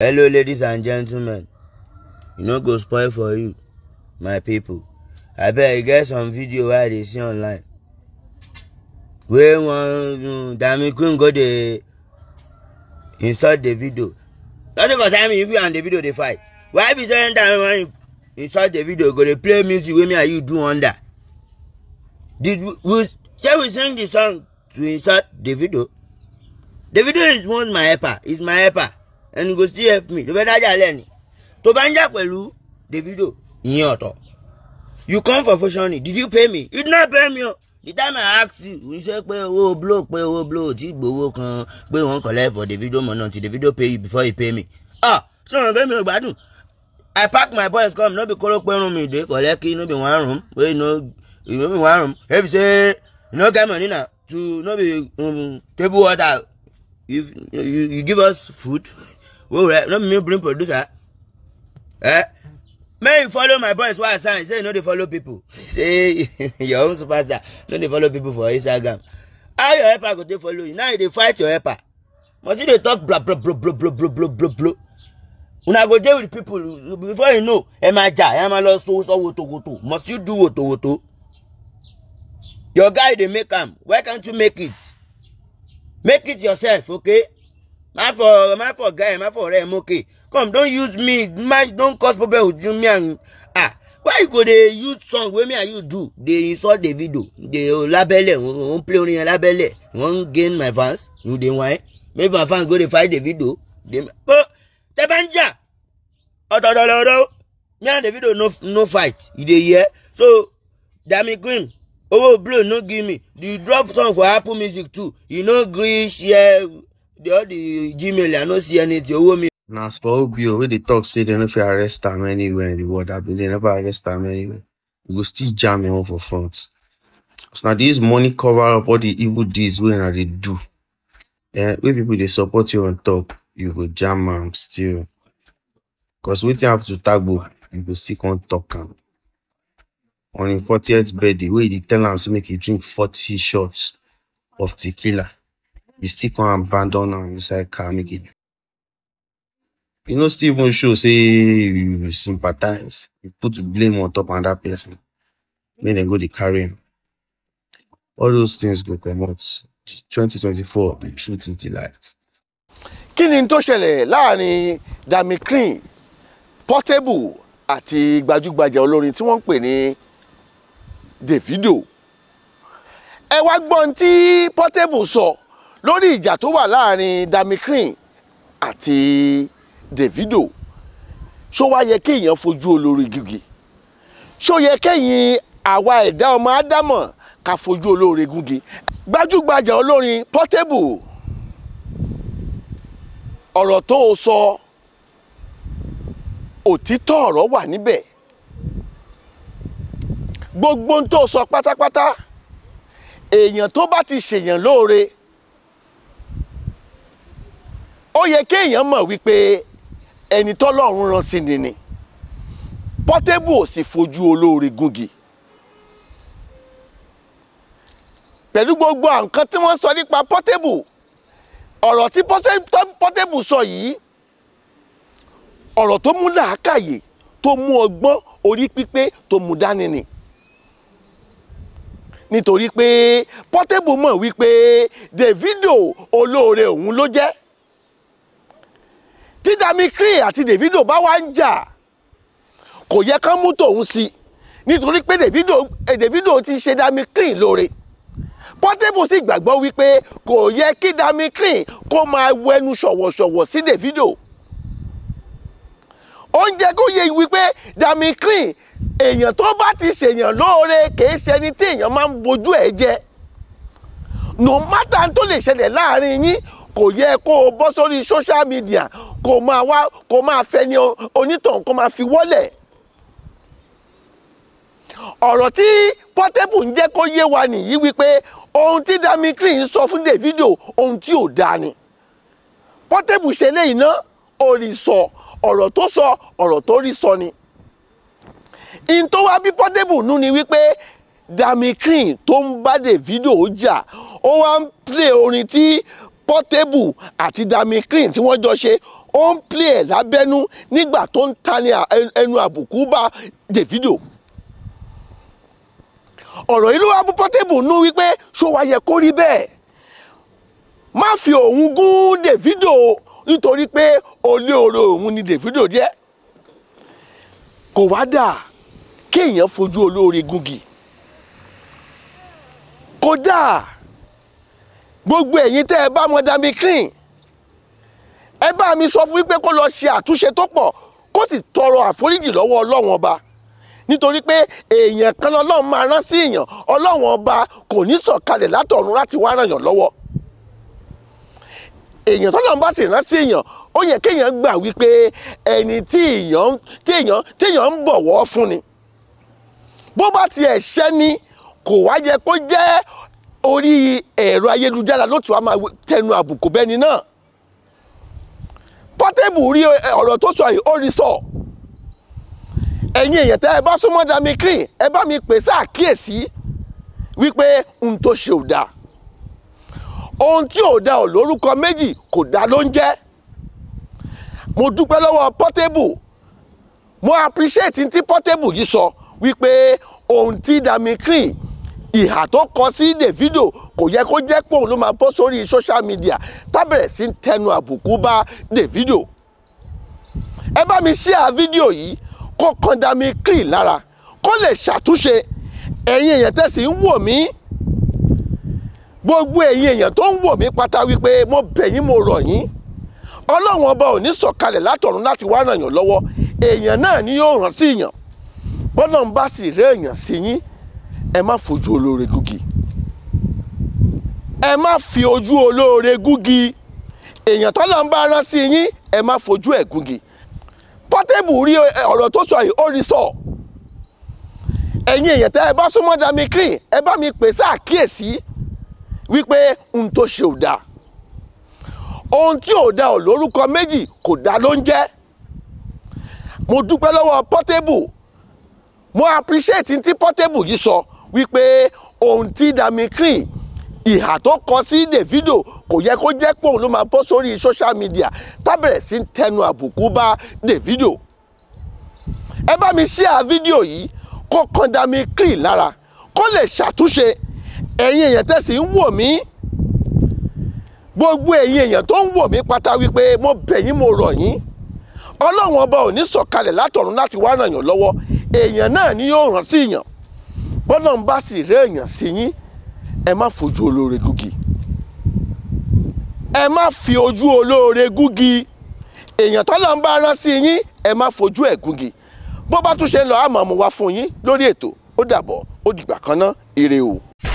hello ladies and gentlemen You know, go spoil for you my people. I bet you get some video wey i dey see online Where one um, dami queen go the insert the video That's because I'm if you and the video They fight why be saying that when you insert the video go to play music wey me and you do under did we say we sing the song to insert the video the video is one my helper It's my helper And go still help me ló fẹ́ dájà lẹ́ni tó bá ń jà pẹ̀lú Davido ìyẹn ọ̀tọ̀ you come for fashioning did you pay me you did not pay me o the time I ask you you say pé owó blow pé owó blow tí gbowó kan pé wọ́n collect for Davido mọ̀ náà ti Davido pay you before he pay me ah ṣé wọn fẹ́ mi ò gbádùn I pack my boys come no be kóró pẹ́rùn mi dé for Lekki no be one room wey no no be one room hey be say you no get money na to no be um, table water if you, you, you give us food wo rẹ no me bring producer eh may you follow my boys wa sign say you no dey follow people say your own superstar no dey follow people for instagram how your helper go dey follow you now you dey fight your helper must you dey talk bla bla bla bla bla bla bla bla bla una go dey with people before you know ẹ máa jà ẹ máa lọ so so wotowoto must you do wotowoto your guy dey make am why can't you make it make it yourself okay má fọ má fọ guy má fọ ọ̀rẹ́ mọkè come don use me ma don cause problem with you me and ah why you go dey use song wey me and you do dey insult davido dey labẹlẹ wọn play orin yẹn labẹlẹ wọn gain my fans you dey whine make my fans go dey fight davido dey oh tẹ bá ń jà ọ̀tọ̀ọ̀tọ̀ lọ́rọ́ me and davido no no fight you dey hear so dami green owó blue no give me you drop song for apple music too you no gree share the all the gmail i no see anything owó mi. na as for obo wey dey talk say dem no fit arrest am anywhere in the world abi dem never arrest am anywhere we go still jam him own for front as na dey money cover up all the evil deeds wey una dey do eh, wey people dey support you on top you go jam am still cause wetin happen to tagbo you go still come talk am on im fortieth birthday wey e dey tell am say make e drink forty shots of tequila you still come abandon am inside car make you know, still even show say you sympathize you put blame on top that person Then dem go to carry am all those things go comot twenty twenty the truth is the light. kí ni tó ṣẹlẹ̀ láàrin damikrin portable àti gbajúgbajà olórin tí wọ́n ń pè ní davido ẹ wá gbọ́n tí portable So lórí ìjà tó wà láàrin Damikrin àti Davido ṣó wá yẹ kéèyàn fojú olórí gígì ṣó yẹ kéèyàn àwa ẹ̀dá ọmọ ádámọ̀ ká fojú olóore gúnge gbajúgbajà olórin Portable ọ̀rọ̀ tó o sọ òtítọ́ ọ̀rọ̀ wà níbẹ̀ gbogbo ohun tó o sọ pátápátá èèyàn tó bá ti ṣèyàn lóore ó yẹ kéèyàn mọ̀ wípé ẹni tọ́lọ́run rán sí ni ni pọ́tébù ò sì fojú olóore gúngi pẹ̀lú gbogbo nǹkan tí wọ́n sọ nípa pọ́tébù ọ̀rọ̀ tí pọ́tébù sọ yìí ọ̀rọ̀ tó mú làákàyè tó mú ọgbọ́n orí pípé tó mú dání ni nítorí pé pọ́tébù mọ̀ wípé Davido olóore òun ló jẹ́ tí Dami Kri àti Davido bá wá ń jà kò yẹ kán mú tòun sí nítorí pé Davido eh, Davido ti ṣe Dami Kri lóore Portable sì gbàgbọ́ wípé kò yẹ kí Dami Kri kó máa wẹnu ṣọ̀wọ̀ṣọ̀wọ̀ sí Davido oúnjẹ kò yẹ wípé Dami Kri èèyàn tó bá ti ṣèyàn lóore kìí ṣe ẹni tí èèyàn máa ń bojú ẹ̀ jẹ no matter tó lè ṣẹlẹ̀ láàrin yín kò yẹ kó o bọ́ sórí social media kó máa wá kó máa fẹ́ ní onítàn kó máa fi wọ́lẹ̀ ọ̀rọ̀ tí Portable ń jẹ́ kó yé wa nìyí wípé ohun tí Dami ń sọ fún Davido ohun tí ò dáa ni Portable ṣe léyìn náà orí sọ ọ̀rọ̀ tó sọ ọ̀rọ̀ tó rí sọ ni in tó wá bí Portable nú ni wípé Dami Green tó ń bá Davido jà ó wá ń play orin tí Portable àti Dami Green tí wọ́n jọ ṣe ó ń plé ẹ̀ lábẹ́nú nígbà tó ń ta ni ẹnu àbùkù bá Davido ọ̀rọ̀ yìí ló portable, pọ́tébù nú wípé ṣó wa yẹ kó rí bẹ́ẹ̀ má fi òun gún Davido nítorí pé olé oró òun ni Davido jẹ́ kò wá dà kéèyàn fojú olóore gungi kódà gbogbo ẹ̀yin tẹ́ ẹ bá mọ dami clean ẹ bá mi sọ fún wípé kó lọ ṣe àtúnṣe tó pọ̀ kó sì tọrọ àforíjì lọ́wọ́ ọlọ́wọ́n ọba nítorí pé èèyàn kan lọ́lọ́run máa rán sí èèyàn ọlọ́wọ́n ọba kò ní sọ̀kalẹ̀ látọ̀run láti wá ràn yàn lọ́wọ́ èèyàn tọ́lọ́run bá sì rán sí èèyàn ó yẹ kéèyàn gbà wípé ẹni tí èèyàn téèyàn téèyàn ń bọ̀wọ́ fún ni bó bá tiẹ̀ ṣẹ́ ni kò wá yẹ kó jẹ́ orí ẹ̀rọ ayélujára ló tún máa tẹnu àbùkù bẹ́ni náà Portable rí ọ̀rọ̀ tó sọ yìí ó rí sọ ẹ̀yin èèyàn tẹ́ ẹ bá súnmọ́ Dami Green ẹ bá mi pè sáàkíyèsí wípé ohun tó ṣe ò dáa ohun tí ò dáa ò lórúkọ méjì kò dáa ló ń jẹ́ mo dúpẹ́ lọ́wọ́ Portable mo appreciate tí Portable yìí sọ wípé ohun tí Dami ìhà tó kọ sí Davido kò yẹ kó jẹ́ pé òun ló máa bọ́ sórí social media tábẹ̀rẹ̀ sí tẹnu àbùkù bá Davido ẹ bá mi share fídíò yìí kó kan Dami Kree lára kó lè ṣàtúnṣe ẹ̀yin èèyàn tẹ̀sí ń wò mí gbogbo ẹ̀yin èèyàn tó ń wò mí pátá wípé mo bẹ̀ yín mo rọ̀ yín ọlọ́run ọba ò ní sọ̀kalẹ̀ látọ̀run láti wá ràn yàn lọ́wọ́ èèyàn náà ni yóò ràn sí yàn bọ́lọ́run bá sì rẹ́ èèyàn sí yín ẹ má fojú olóore gúgi ẹ má fi ojú olóore gúgi èèyàn tó lọ ń bá rán sí yín ẹ má fojú ẹ gúgi Portable rí ọ̀rọ̀ tó sọ yìí ó rí sọ ẹ̀yin èèyàn tẹ́ ẹ bá súnmọ́ dami green ẹ bá mi pè sáàkíyèsí wípé ohun tó ṣe ò dáa ohun tí ò dáa ò lórúkọ méjì kò dáa ló ń jẹ́ mo dúpẹ́ lọ́wọ́ Portable mo appreciate ti Portable yìí sọ. So wípé ohun tí Damikiri ìhà tó kọ sí Davido kò yẹ kó jẹ́ pòun ló máa bọ́ sórí social media tábẹ̀rẹ̀ sí tẹnu àbùkù bá Davido ẹ bá mi share fídíò yìí kó kan Damikiri lára kó lè ṣàtúnṣe ẹ̀yin èèyàn tẹ̀sí ń wò mí gbogbo ẹ̀yin èèyàn tó ń wò mí pátá wípé mo bẹ̀ yín mo rọ̀ yín ọlọ́run ọba ò ní sọ̀kalẹ̀ látọ̀run láti wá ràn yàn lọ́wọ́ èèyàn náà ni yóò ràn sí yàn bọ́nà ń bá sì rẹ́ èèyàn sí yín ẹ má fojú olóore gúgi ẹ má fi ojú olóore gúgi èèyàn tọ́lọ̀ ń bá rán sí yín ẹ má fojú ẹ̀ gúgi bó bá tún ṣe ń lọ àmọ́ mo wá fún yín lórí ètò ó dàbọ̀ ó dìgbà kan ná ire o.